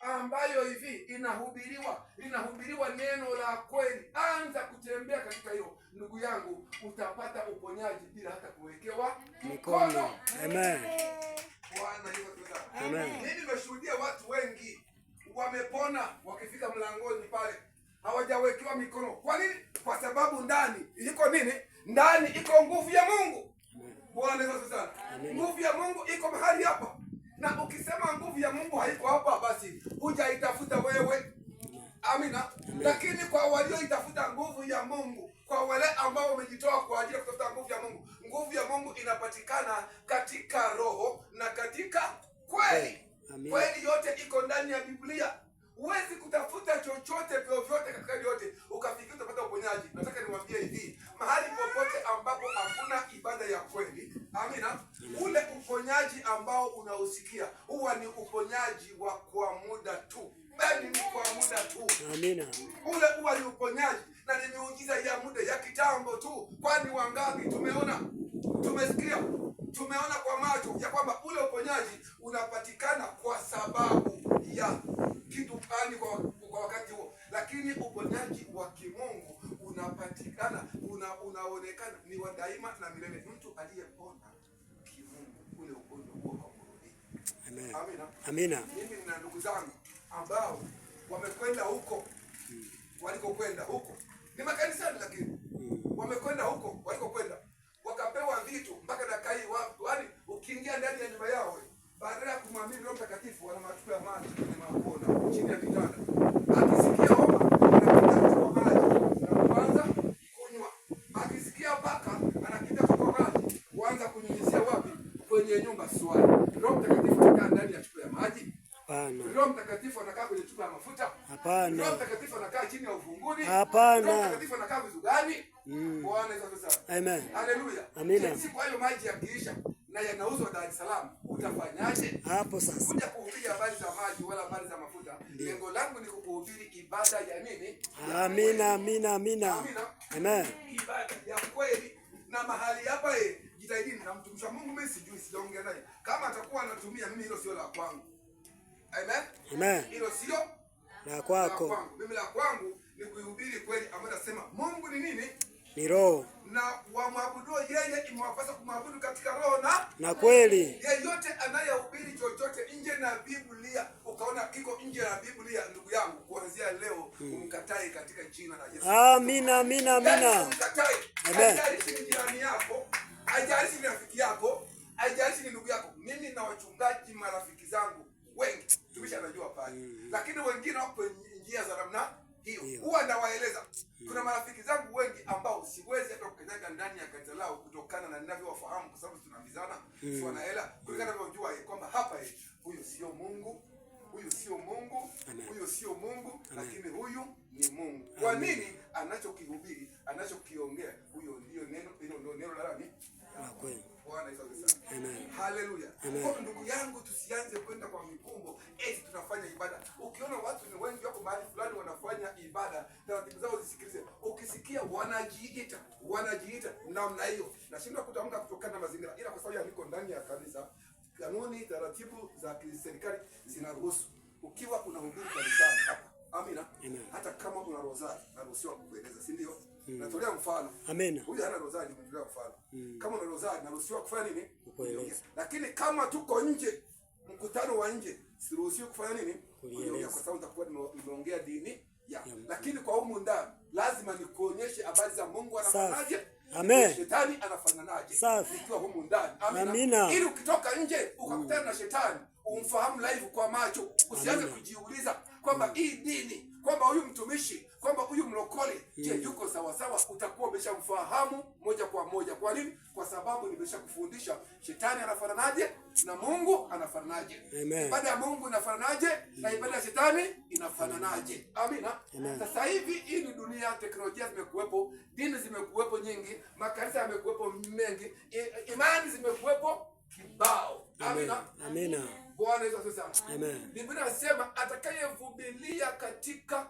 ambayo hivi inahubiriwa inahubiriwa neno la kweli. Anza kutembea katika hiyo, ndugu yangu, utapata uponyaji bila hata kuwekewa mikono. Amen. Bwana, mimi nimeshuhudia watu wengi wamepona wakifika mlangoni pale hawajawekewa mikono. Kwa nini? Kwa sababu ndani iko nini? Ndani iko nguvu ya Mungu. Bwana sana, nguvu ya Mungu iko mahali hapa na ukisema nguvu ya Mungu haiko hapa, basi hujaitafuta wewe. Amina. Lakini kwa walioitafuta nguvu ya Mungu, kwa wale ambao wamejitoa kwa ajili ya kutafuta nguvu ya Mungu, nguvu ya Mungu inapatikana katika Roho na katika kweli. Kweli yote iko ndani ya Biblia. Huwezi kutafuta chochote vyovyote katika yote ukafikiri utapata uponyaji. Nataka niwaambie hivi, mahali popote ambapo hakuna ibada ya kweli, amina, ule uponyaji ambao unausikia huwa ni uponyaji wa kwa muda tu, bali ni kwa muda tu, amina. Ule huwa ni uponyaji na ni miujiza ya muda ya kitambo tu, kwani wangapi tumeona, tumesikia, tumeona kwa macho ya kwamba ule uponyaji unapatikana kwa sababu ya lakini uponyaji wa kimungu unapatikana una, unaonekana ni wa daima na milele. Mtu aliyepona kimungu ule ugonjwa huo haurudi. Amina, amina. Mimi nina ndugu zangu ambao wamekwenda huko hmm, walikokwenda huko ni makanisani, lakini hmm, wamekwenda huko walikokwenda wakapewa vitu mpaka dakika hii watu, yani, ukiingia ndani ya nyumba yao badala ya kumwamini Roho Mtakatifu wana matukio ya maji kwenye mapona chini ya kitanda kwenye nyumba swali. Roho Mtakatifu anakaa ndani ya chupa ya maji? Hapana. Roho Mtakatifu anakaa kwenye chupa ya mafuta? Hapana. Roho Mtakatifu anakaa chini ya ufunguni? Hapana. Roho Mtakatifu anakaa vizugani? Mm. Bwana Yesu asifiwe. Amen. Haleluya. Amina. Sisi kwa hiyo maji ya kiisha na yanauzwa Dar es Salaam, utafanyaje? Hapo sasa. Kuja kuhubiri habari za maji wala habari za mafuta. Lengo langu ni kukuhubiri ibada ya nini? Amina, amina, amina. Amina. Amen. Ibada ya kweli na mahali hapa eh jitahidini, wa Mungu mimi, sijui sijaongea naye. Kama atakuwa anatumia mimi, hilo sio la kwangu. Amen, amen, hilo sio la kwako. Mimi la kwangu ni kuhubiri kweli ambayo nasema Mungu ni nini? Ni roho, na wamwabudu yeye imewapasa kumwabudu katika roho na na kweli. Yeyote anayehubiri chochote nje na Biblia, ukaona iko nje na Biblia, ndugu yangu, kuanzia leo hmm, katika jina la Yesu. Amina, amina, amina. Yaani, Umkatai, amen. Jirani yako haijalishi ni rafiki yako, haijalishi ni ndugu yako. Mimi na wachungaji marafiki zangu wengi tumisha najua pale mm. Lakini wengine wapo njia za namna hiyo, huwa nawaeleza. mm. Kuna marafiki zangu wengi ambao siwezi hata kukanyaga ndani ya kanisa lao kutokana na ninavyowafahamu, kwa sababu tunaambizana mm. si wanaela mm. kulingana navyojua kwamba hapa eh, huyu sio Mungu, huyu sio Mungu, huyu sio Mungu, lakini huyu ni Mungu. Kwa nini? Anachokihubiri, anachokiongea, huyo ndio neno, hilo ndio neno la nani? Haleluya. Kwa ndugu yangu, tusianze kwenda kwa mikumbo eti tunafanya ibada. Ukiona watu ni wengi wako mahali fulani wanafanya ibada, taratibu zao zisikilize. Ukisikia wanajiita, wanajiita namna hiyo, nashindwa kutamka kutokana na mazingira, ila kwa sababu yaliko ndani ya kanisa, kanuni, taratibu za kiserikali zinaruhusu. Ukiwa unahudumu kanisani hapa, amina, Amen. hata kama una rozari, naruhusiwa kukueleza, si ndio? Hmm. Natolea mfano. Amen. Huyu hana rozari, nimetolea mfano. Hmm. Kama una rozari, naruhusiwa kufanya nini? kueleza. Lakini kama tuko nje, mkutano wa nje, siruhusiwi kufanya nini? Kueleza, kwa sababu nitakuwa nimeongea dini ya. Lakini kwa humu ndani lazima nikuonyeshe habari za Mungu anafanyaje. Amen. Shetani anafananaje? ikiwa humu ndani. Amina. Ili ukitoka nje ukakutana na mm. shetani umfahamu live kwa macho, usianze kujiuliza kwamba hii dini, kwamba huyu mtumishi kwamba huyu mlokole je, yuko sawasawa, utakuwa umeshamfahamu moja kwa moja. Kwa nini? Kwa sababu nimeshakufundisha shetani anafananaje na Mungu anafananaje, ibada ya Mungu inafananaje na ibada ya shetani inafananaje. Amina. Sasa hivi hii ni dunia, teknolojia zimekuwepo, dini zimekuwepo nyingi, makanisa yamekuwepo mengi, imani zimekuwepo kibao. Amina. Amina. Bwana Yesu asifiwe Amen. Biblia inasema atakayevumilia katika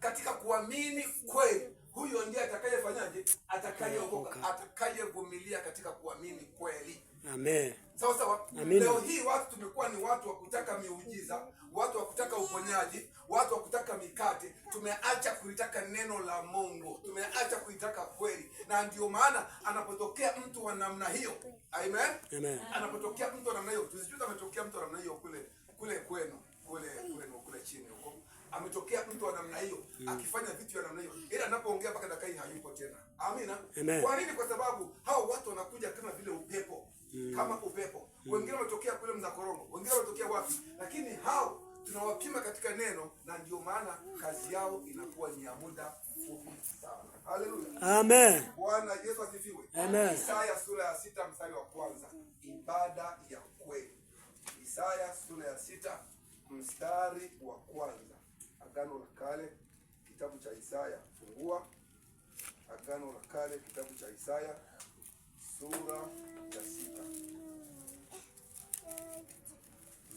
katika kuamini kweli, huyo ndiye atakayefanyaje? Atakayeokoka, atakayevumilia katika kuamini kweli. Amen. Sawa sawa. Leo hii watu tumekuwa ni watu wa kutaka miujiza, watu wa kutaka uponyaji, watu wa kutaka mikate. Tumeacha kulitaka neno la Mungu, tumeacha kuitaka kweli, na ndio maana anapotokea mtu wa namna hiyo Amen. Amen. Anapotokea mtu wa namna hiyo, tusijuza ametokea mtu wa namna hiyo kule kule kwenu kule kwenu kule chini ametokea mtu wa namna hiyo mm. akifanya vitu vya namna hiyo, ila anapoongea mpaka dakika hii hayupo tena. Amina. Kwa nini? Kwa sababu hao watu wanakuja kama vile upepo mm. kama upepo mm. wengine wametokea kule mnakorono wengine wametokea wapi, lakini hao tunawapima katika neno, na ndio maana kazi yao inakuwa ni ya muda mfupi sana. Haleluya, amen. Bwana Yesu asifiwe, amen. Isaya sura ya sita mstari wa kwanza ibada ya kweli. Isaya sura ya sita mstari wa kwanza Agano la Kale kitabu cha Isaya, fungua Agano la Kale kitabu cha Isaya sura ya sita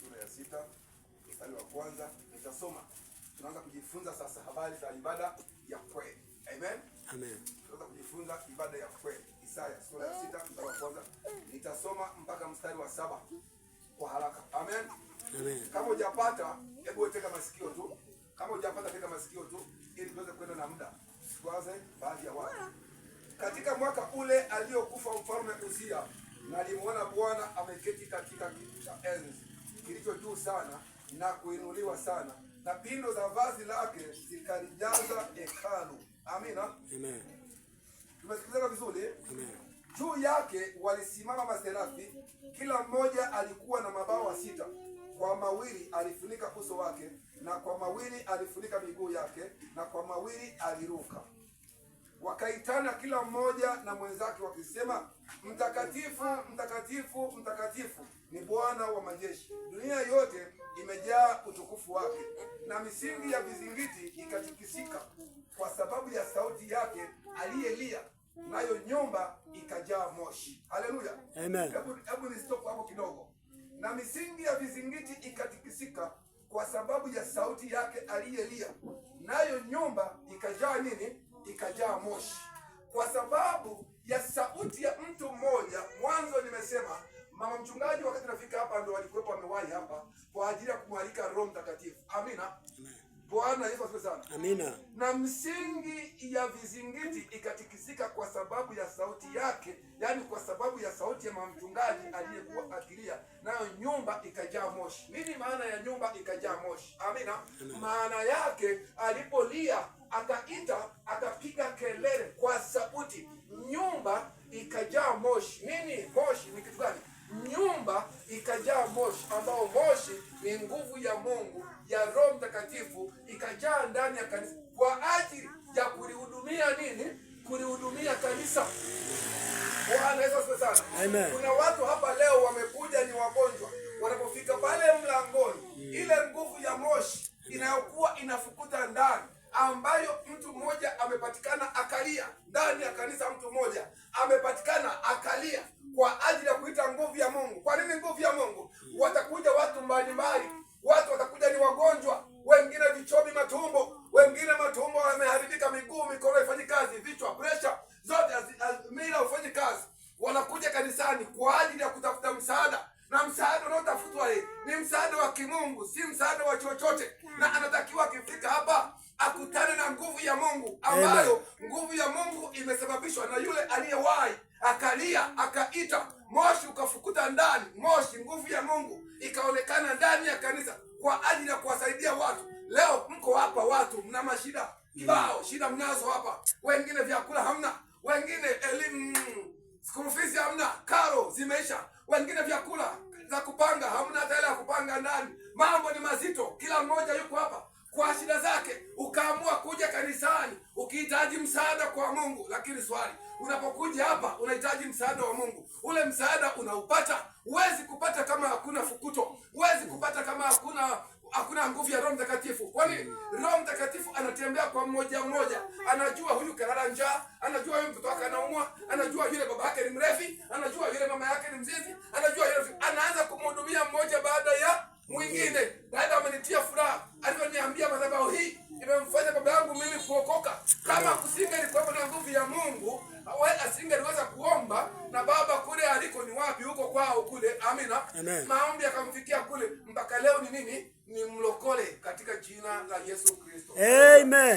sura ya sita mstari wa kwanza nitasoma. Tunaanza kujifunza sasa habari za ibada ya kweli. Amen, amen. Tunaanza kujifunza ibada ya kweli, Isaya sura ya sita mstari wa kwanza nitasoma mpaka mstari wa saba kwa haraka. Amen, amen. Kama hujapata, hebu weka masikio tu kama hujapata katika masikio tu, ili tuweze kwenda na muda, tuanze baadhi ya watu. Katika mwaka ule aliyokufa mfalme Uzia, na Bwana ameketi katika kiti cha enzi kilicho juu sana na kuinuliwa sana, na pindo za vazi lake zikalijaza hekalu. Amina, amen. Tumesikilizana vizuri, amen. Juu yake walisimama maserafi, kila mmoja alikuwa na mabawa sita kwa mawili alifunika uso wake, na kwa mawili alifunika miguu yake, na kwa mawili aliruka. Wakaitana kila mmoja na mwenzake wakisema, mtakatifu, mtakatifu, mtakatifu ni Bwana wa majeshi, dunia yote imejaa utukufu wake. Na misingi ya vizingiti ikatikisika kwa sababu ya sauti yake aliyelia, nayo nyumba ikajaa moshi. Haleluya, amen. Hebu nisitoke hapo kidogo na misingi ya vizingiti ikatikisika kwa sababu ya sauti yake aliyelia, nayo nyumba ikajaa nini? Ikajaa moshi kwa sababu ya sauti ya mtu mmoja. Mwanzo nimesema mama mchungaji, wakati nafika hapa, ndo walikuwepo wamewahi hapa kwa ajili ya kumwalika Roho Mtakatifu. Amina. Bwana asifiwe sana. Amina. Na msingi ya vizingiti ikatikisika kwa sababu ya sauti yake, yaani kwa sababu ya sauti ya mamchungaji aliyekuwa akilia, nayo nyumba ikajaa moshi. Nini maana ya nyumba ikajaa moshi? Amina. Amina. Maana yake alipolia, akaita, akapiga kelele kwa sauti, nyumba ikajaa moshi. Nini moshi? Ni kitu gani? Nyumba ikajaa moshi, ambao moshi ni nguvu ya Mungu ya Mtakatifu ikajaa ndani ya kanisa kwa ajili ya kulihudumia nini? Kulihudumia kanisa. Bwana Yesu asifiwe sana. Amen. Kuna watu hapa leo nguvu ya Mungu ambayo nguvu ya Mungu imesababishwa na yule aliyewahi akalia akaita, moshi ukafukuta ndani. Moshi, nguvu ya Mungu ikaonekana ndani ya kanisa kwa ajili ya kuwasaidia watu. Leo mko hapa, watu mna mashida kibao, mm. shida mnazo hapa, wengine vyakula hamna, wengine elimu school hamna, karo zimeisha, wengine vyakula za kupanga hamna, hata ya kupanga ndani. Mambo ni mazito, kila mmoja yuko hapa kwa shida zake, ukaamua kuja kanisani ukihitaji msaada kwa Mungu. Lakini swali, unapokuja hapa unahitaji msaada wa Mungu, ule msaada unaupata? Huwezi kupata kama hakuna fukuto, huwezi kupata kama hakuna hakuna nguvu ya Roho Mtakatifu. Kwani Roho Mtakatifu anatembea kwa mmoja mmoja, anajua huyu kalala njaa, anajua huyu mtoto wake anaumwa, anajua yule baba yake ni mrefi, anajua yule mama yake ni mzizi anajua yule, anaanza kumhudumia mmoja baada ya mwingine kupitia madhabahu hii imemfanya baba yangu mimi kuokoka. Kama kusingelikuwepo na nguvu ya Mungu, asingeliweza kuomba na baba kule aliko ni wapi? Huko kwao kule. Amina. Maombi akamfikia kule mpaka leo ni nini? Ni mlokole katika jina la Yesu Kristo. Amen.